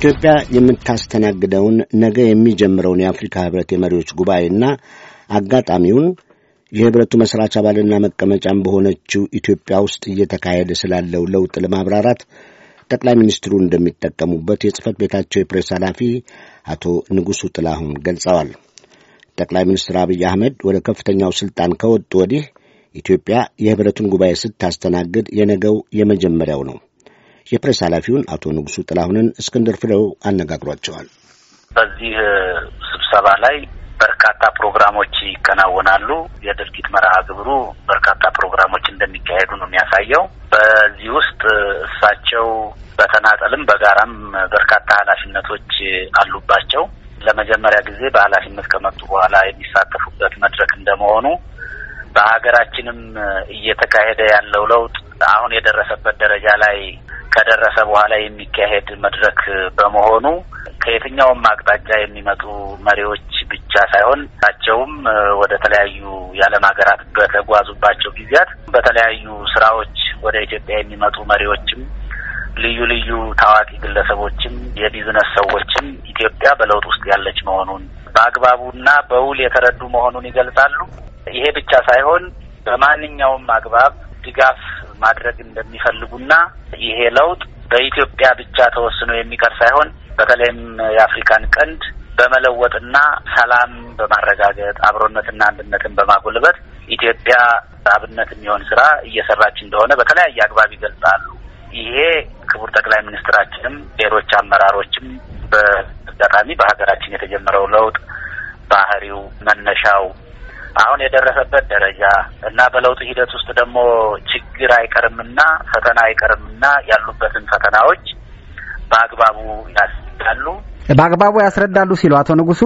ኢትዮጵያ የምታስተናግደውን ነገ የሚጀምረውን የአፍሪካ ህብረት የመሪዎች ጉባኤና አጋጣሚውን የህብረቱ መስራች አባልና መቀመጫም በሆነችው ኢትዮጵያ ውስጥ እየተካሄደ ስላለው ለውጥ ለማብራራት ጠቅላይ ሚኒስትሩ እንደሚጠቀሙበት የጽህፈት ቤታቸው የፕሬስ ኃላፊ አቶ ንጉሡ ጥላሁን ገልጸዋል። ጠቅላይ ሚኒስትር አብይ አህመድ ወደ ከፍተኛው ስልጣን ከወጡ ወዲህ ኢትዮጵያ የህብረቱን ጉባኤ ስታስተናግድ የነገው የመጀመሪያው ነው። የፕሬስ ኃላፊውን አቶ ንጉሱ ጥላሁንን እስክንድር ፍሬው አነጋግሯቸዋል። በዚህ ስብሰባ ላይ በርካታ ፕሮግራሞች ይከናወናሉ። የድርጊት መርሃ ግብሩ በርካታ ፕሮግራሞች እንደሚካሄዱ ነው የሚያሳየው። በዚህ ውስጥ እሳቸው በተናጠልም በጋራም በርካታ ኃላፊነቶች አሉባቸው። ለመጀመሪያ ጊዜ በኃላፊነት ከመጡ በኋላ የሚሳተፉበት መድረክ እንደመሆኑ በሀገራችንም እየተካሄደ ያለው ለውጥ አሁን የደረሰበት ደረጃ ላይ ከደረሰ በኋላ የሚካሄድ መድረክ በመሆኑ ከየትኛውም አቅጣጫ የሚመጡ መሪዎች ብቻ ሳይሆን ናቸውም ወደ ተለያዩ የዓለም ሀገራት በተጓዙባቸው ጊዜያት በተለያዩ ስራዎች ወደ ኢትዮጵያ የሚመጡ መሪዎችም ልዩ ልዩ ታዋቂ ግለሰቦችም የቢዝነስ ሰዎችም ኢትዮጵያ በለውጥ ውስጥ ያለች መሆኑን በአግባቡና በውል የተረዱ መሆኑን ይገልጻሉ። ይሄ ብቻ ሳይሆን በማንኛውም አግባብ ድጋፍ ማድረግ እንደሚፈልጉና ይሄ ለውጥ በኢትዮጵያ ብቻ ተወስኖ የሚቀር ሳይሆን በተለይም የአፍሪካን ቀንድ በመለወጥና ሰላም በማረጋገጥ አብሮነትና አንድነትን በማጎልበት ኢትዮጵያ አብነት የሚሆን ስራ እየሰራች እንደሆነ በተለያየ አግባብ ይገልጻሉ። ይሄ ክቡር ጠቅላይ ሚኒስትራችንም ሌሎች አመራሮችም በአጋጣሚ በሀገራችን የተጀመረው ለውጥ ባህሪው መነሻው አሁን የደረሰበት ደረጃ እና በለውጥ ሂደት ውስጥ ደግሞ ችግር አይቀርምና ፈተና አይቀርምና ያሉበትን ፈተናዎች በአግባቡ ያስረዳሉ በአግባቡ ያስረዳሉ ሲሉ አቶ ንጉሱ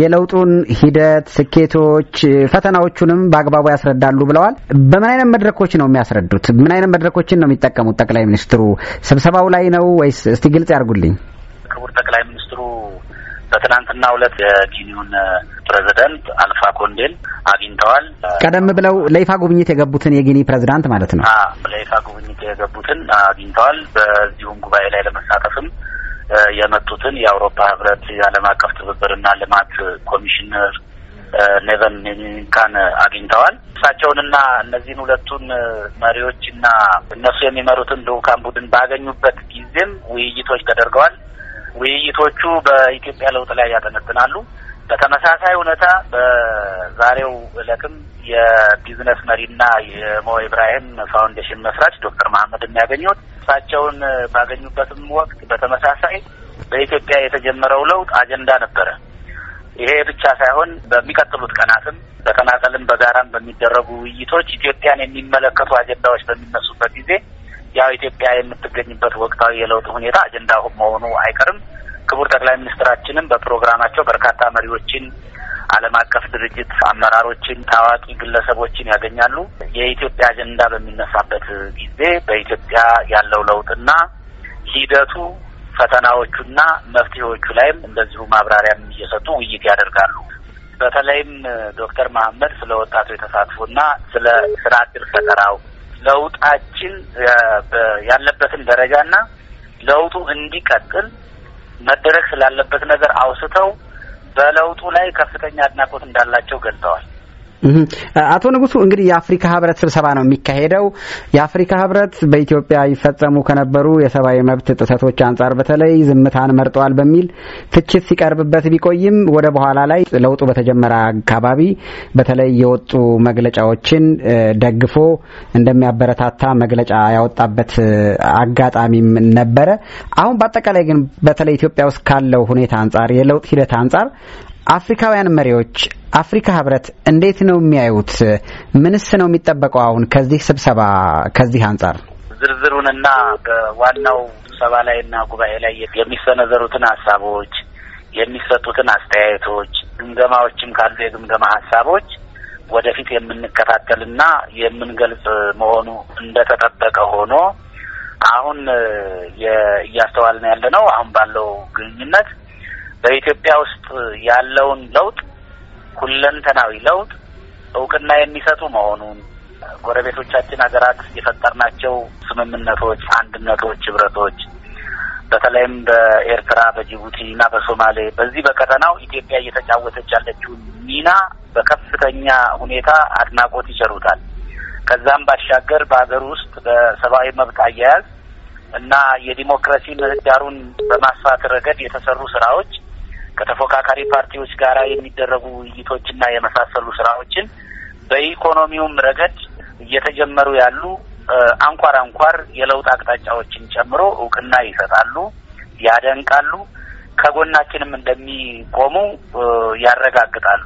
የለውጡን ሂደት ስኬቶች፣ ፈተናዎቹንም በአግባቡ ያስረዳሉ ብለዋል። በምን አይነት መድረኮች ነው የሚያስረዱት? ምን አይነት መድረኮችን ነው የሚጠቀሙት? ጠቅላይ ሚኒስትሩ ስብሰባው ላይ ነው ወይስ? እስቲ ግልጽ ያርጉልኝ። ክቡር ጠቅላይ ሚኒስትሩ በትናንትና ሁለት የጊኒውን ፕሬዚደንት አልፋ ኮንዴን አግኝተዋል። ቀደም ብለው ለይፋ ጉብኝት የገቡትን የጊኒ ፕሬዚዳንት ማለት ነው። ለይፋ ጉብኝት የገቡትን አግኝተዋል። በዚሁም ጉባኤ ላይ ለመሳተፍም የመጡትን የአውሮፓ ህብረት የዓለም አቀፍ ትብብርና ልማት ኮሚሽነር ኔቨን ኒካን አግኝተዋል። እሳቸውንና እነዚህን ሁለቱን መሪዎችና እነሱ የሚመሩትን ልዑካን ቡድን ባገኙበት ጊዜም ውይይቶች ተደርገዋል። ውይይቶቹ በኢትዮጵያ ለውጥ ላይ ያጠነጥናሉ። በተመሳሳይ እውነታ በዛሬው እለትም የቢዝነስ መሪና የሞ ኢብራሂም ፋውንዴሽን መስራች ዶክተር መሀመድ የሚያገኙት እሳቸውን ባገኙበትም ወቅት በተመሳሳይ በኢትዮጵያ የተጀመረው ለውጥ አጀንዳ ነበረ። ይሄ ብቻ ሳይሆን በሚቀጥሉት ቀናትም በተናጠልም በጋራም በሚደረጉ ውይይቶች ኢትዮጵያን የሚመለከቱ አጀንዳዎች በሚነሱበት ጊዜ ያው ኢትዮጵያ የምትገኝበት ወቅታዊ የለውጥ ሁኔታ አጀንዳ መሆኑ አይቀርም። ክቡር ጠቅላይ ሚኒስትራችንም በፕሮግራማቸው በርካታ መሪዎችን፣ ዓለም አቀፍ ድርጅት አመራሮችን፣ ታዋቂ ግለሰቦችን ያገኛሉ። የኢትዮጵያ አጀንዳ በሚነሳበት ጊዜ በኢትዮጵያ ያለው ለውጥና ሂደቱ ፈተናዎቹና መፍትሄዎቹ ላይም እንደዚሁ ማብራሪያም እየሰጡ ውይይት ያደርጋሉ። በተለይም ዶክተር መሀመድ ስለ ወጣቱ የተሳትፎና ስለ ስራ እድል ፈጠራው ለውጣችን ያለበትን ደረጃና ለውጡ እንዲቀጥል መደረግ ስላለበት ነገር አውስተው በለውጡ ላይ ከፍተኛ አድናቆት እንዳላቸው ገልጠዋል። አቶ ንጉሱ እንግዲህ የአፍሪካ ህብረት ስብሰባ ነው የሚካሄደው። የአፍሪካ ህብረት በኢትዮጵያ ይፈጸሙ ከነበሩ የሰብአዊ መብት ጥሰቶች አንጻር በተለይ ዝምታን መርጠዋል በሚል ትችት ሲቀርብበት ቢቆይም ወደ በኋላ ላይ ለውጡ በተጀመረ አካባቢ በተለይ የወጡ መግለጫዎችን ደግፎ እንደሚያበረታታ መግለጫ ያወጣበት አጋጣሚም ነበረ። አሁን በአጠቃላይ ግን በተለይ ኢትዮጵያ ውስጥ ካለው ሁኔታ አንጻር፣ የለውጥ ሂደት አንጻር አፍሪካውያን መሪዎች አፍሪካ ህብረት እንዴት ነው የሚያዩት? ምንስ ነው የሚጠበቀው አሁን ከዚህ ስብሰባ? ከዚህ አንጻር ዝርዝሩንና በዋናው ስብሰባ ላይና ጉባኤ ላይ የሚሰነዘሩትን ሀሳቦች የሚሰጡትን አስተያየቶች፣ ግምገማዎችም ካሉ የግምገማ ሀሳቦች ወደፊት የምንከታተልና የምንገልጽ መሆኑ እንደተጠበቀ ሆኖ አሁን እያስተዋልን ያለ ነው አሁን ባለው ግንኙነት በኢትዮጵያ ውስጥ ያለውን ለውጥ ሁለንተናዊ ለውጥ እውቅና የሚሰጡ መሆኑን ጎረቤቶቻችን ሀገራት የፈጠርናቸው ስምምነቶች፣ አንድነቶች፣ ህብረቶች በተለይም በኤርትራ በጅቡቲ እና በሶማሌ በዚህ በቀጠናው ኢትዮጵያ እየተጫወተች ያለችውን ሚና በከፍተኛ ሁኔታ አድናቆት ይቸሩታል። ከዛም ባሻገር በሀገር ውስጥ በሰብአዊ መብት አያያዝ እና የዲሞክራሲ ምህዳሩን በማስፋት ረገድ የተሰሩ ስራዎች ከተፎካካሪ ፓርቲዎች ጋር የሚደረጉ ውይይቶችና የመሳሰሉ ስራዎችን በኢኮኖሚውም ረገድ እየተጀመሩ ያሉ አንኳር አንኳር የለውጥ አቅጣጫዎችን ጨምሮ እውቅና ይሰጣሉ፣ ያደንቃሉ፣ ከጎናችንም እንደሚቆሙ ያረጋግጣሉ።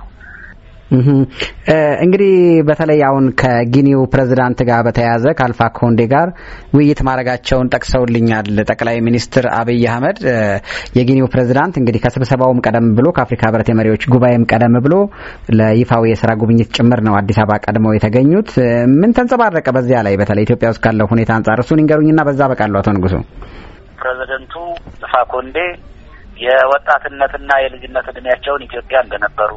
እንግዲህ በተለይ አሁን ከጊኒው ፕሬዝዳንት ጋር በተያያዘ ከአልፋ ኮንዴ ጋር ውይይት ማድረጋቸውን ጠቅሰውልኛል ጠቅላይ ሚኒስትር አብይ አህመድ። የጊኒው ፕሬዝዳንት እንግዲህ ከስብሰባውም ቀደም ብሎ ከአፍሪካ ህብረት የመሪዎች ጉባኤም ቀደም ብሎ ለይፋው የስራ ጉብኝት ጭምር ነው አዲስ አበባ ቀድመው የተገኙት። ምን ተንጸባረቀ በዚያ ላይ በተለይ ኢትዮጵያ ውስጥ ካለው ሁኔታ አንጻር እሱን ይንገሩኝና በዛ በቃሉ አቶ ንጉሱ። ፕሬዚደንቱ አልፋ ኮንዴ የወጣትነትና የልጅነት እድሜያቸውን ኢትዮጵያ እንደነበሩ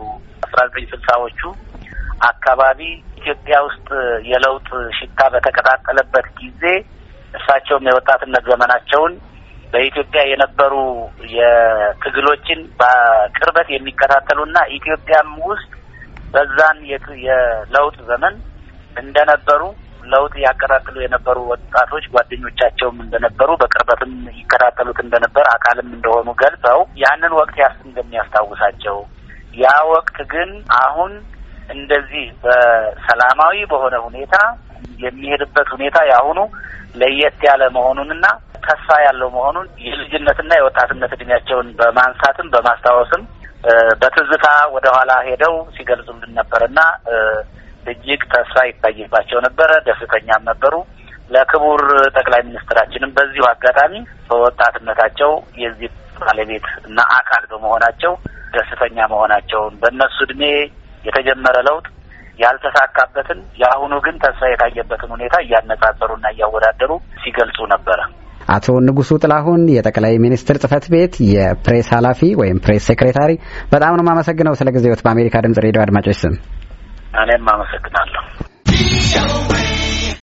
አስራ ዘጠኝ ስልሳዎቹ አካባቢ ኢትዮጵያ ውስጥ የለውጥ ሽታ በተቀጣጠለበት ጊዜ እሳቸውም የወጣትነት ዘመናቸውን በኢትዮጵያ የነበሩ የትግሎችን በቅርበት የሚከታተሉና ኢትዮጵያም ውስጥ በዛን የለውጥ ዘመን እንደነበሩ ለውጥ ያቀጣጥሉ የነበሩ ወጣቶች ጓደኞቻቸውም እንደነበሩ በቅርበትም ይከታተሉት እንደነበር አካልም እንደሆኑ ገልጸው ያንን ወቅት ያስ እንደሚያስታውሳቸው ያ ወቅት ግን አሁን እንደዚህ በሰላማዊ በሆነ ሁኔታ የሚሄድበት ሁኔታ የአሁኑ ለየት ያለ መሆኑንና ተስፋ ያለው መሆኑን የልጅነትና የወጣትነት እድሜያቸውን በማንሳትም በማስታወስም በትዝታ ወደ ኋላ ሄደው ሲገልጹልን ነበርና እጅግ ተስፋ ይታይባቸው ነበረ። ደስተኛም ነበሩ። ለክቡር ጠቅላይ ሚኒስትራችንም በዚሁ አጋጣሚ በወጣትነታቸው የዚህ ባለቤት እና አካል በመሆናቸው ደስተኛ መሆናቸውን በእነሱ እድሜ የተጀመረ ለውጥ ያልተሳካበትን የአሁኑ ግን ተስፋ የታየበትን ሁኔታ እያነጻጸሩና እያወዳደሩ ሲገልጹ ነበረ። አቶ ንጉሱ ጥላሁን የጠቅላይ ሚኒስትር ጽህፈት ቤት የፕሬስ ኃላፊ ወይም ፕሬስ ሴክሬታሪ፣ በጣም ነው የማመሰግነው ስለ ጊዜዎት። በአሜሪካ ድምጽ ሬዲዮ አድማጮች ስም እኔም አመሰግናለሁ።